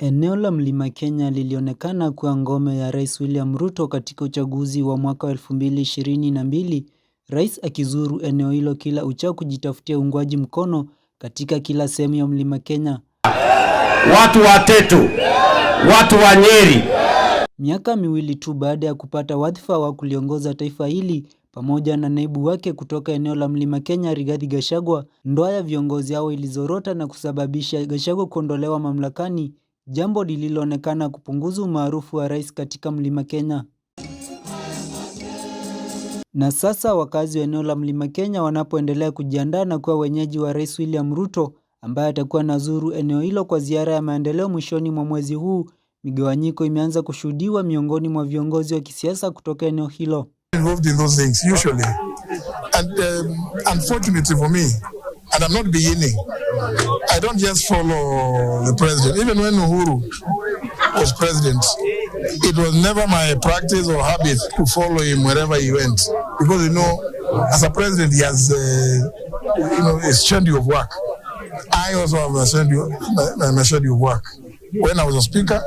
Eneo la mlima Kenya lilionekana kuwa ngome ya rais William Ruto katika uchaguzi wa mwaka wa 2022, rais akizuru eneo hilo kila uchao kujitafutia uungwaji mkono katika kila sehemu ya mlima Kenya. Watu wa Tetu, watu wa Nyeri. Miaka miwili tu baada ya kupata wadhifa wa kuliongoza taifa hili pamoja na naibu wake kutoka eneo la mlima Kenya Rigathi Gachagua, ndoa ya viongozi hao ilizorota na kusababisha Gachagua kuondolewa mamlakani jambo lililoonekana kupunguza umaarufu wa rais katika Mlima Kenya. Na sasa wakazi wa eneo la Mlima Kenya wanapoendelea kujiandaa na kuwa wenyeji wa Rais William Ruto ambaye atakuwa nazuru eneo hilo kwa ziara ya maendeleo mwishoni mwa mwezi huu, migawanyiko imeanza kushuhudiwa miongoni mwa viongozi wa kisiasa kutoka eneo hilo and I'm not beginning. I don't just follow the president. Even when Uhuru was president, it was never my practice or habit to follow him wherever he went because you know, as a president, he has uh, you know a schedule of work. I also have a schedule, schedule of work when I was a speaker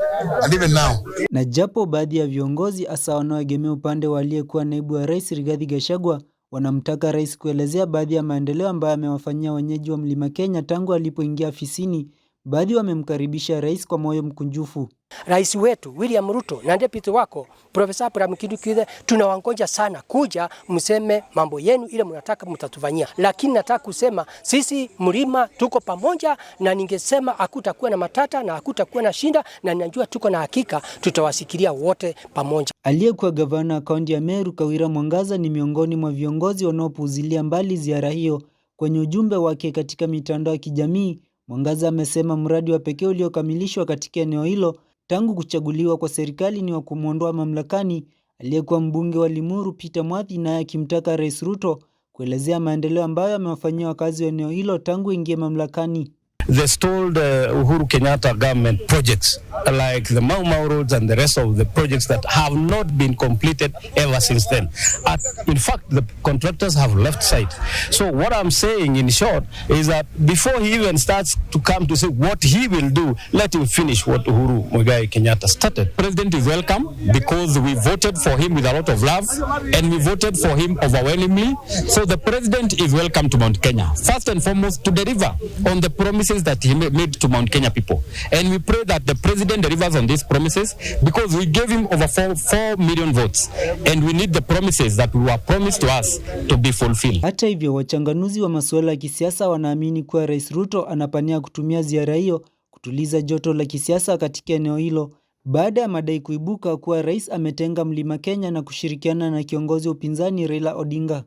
and even now. Na japo baadhi ya viongozi hasa wanaoegemea upande aliyekuwa naibu wa rais Rigathi Gachagua wanamtaka rais kuelezea baadhi ya maendeleo ambayo amewafanyia wenyeji wa Mlima Kenya tangu alipoingia afisini. Baadhi wamemkaribisha rais kwa moyo mkunjufu rais wetu William Ruto na deputy wako Profesa Abraham Kindiki, tunawangoja sana kuja mseme mambo yenu ile mnataka mtatufanyia, lakini nataka kusema sisi mlima tuko pamoja, na ningesema hakutakuwa na matata na hakutakuwa na shinda, na ninajua tuko na hakika tutawasikilia wote pamoja. Aliyekuwa gavana kaunti ya Meru Kawira Mwangaza ni miongoni mwa viongozi wanaopuuzilia mbali ziara hiyo. Kwenye ujumbe wake katika mitandao ya kijamii, Mwangaza amesema mradi wa pekee uliokamilishwa katika eneo hilo Tangu kuchaguliwa kwa serikali ni wa kumwondoa mamlakani aliyekuwa mbunge wa Limuru Peter Mwathi naye akimtaka Rais Ruto kuelezea maendeleo ambayo amewafanyia wakazi wa eneo hilo tangu ingie mamlakani. They stole the Uhuru Kenyatta government projects like the Mau Mau roads and the rest of the projects that have not been completed ever since then. At, in fact, the contractors have left site. So what I'm saying in short is that before he even starts to come to say what he will do, let him finish what Uhuru Muigai Kenyatta started. President is welcome because we voted for him with a lot of love and we voted for him overwhelmingly. So the president is welcome to Mount Kenya, first and foremost to deliver on the promises promises that he made to Mount Kenya people. And we pray that the president delivers on these promises because we gave him over four, four million votes and we need the promises that were promised to us to be fulfilled. Hata hivyo, wachanganuzi wa masuala ya kisiasa wanaamini kuwa Rais Ruto anapania kutumia ziara hiyo kutuliza joto la kisiasa katika eneo hilo baada ya madai kuibuka kuwa rais ametenga Mlima Kenya na kushirikiana na kiongozi wa upinzani Raila Odinga.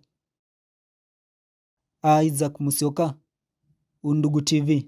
Isaac Musioka Undugu TV.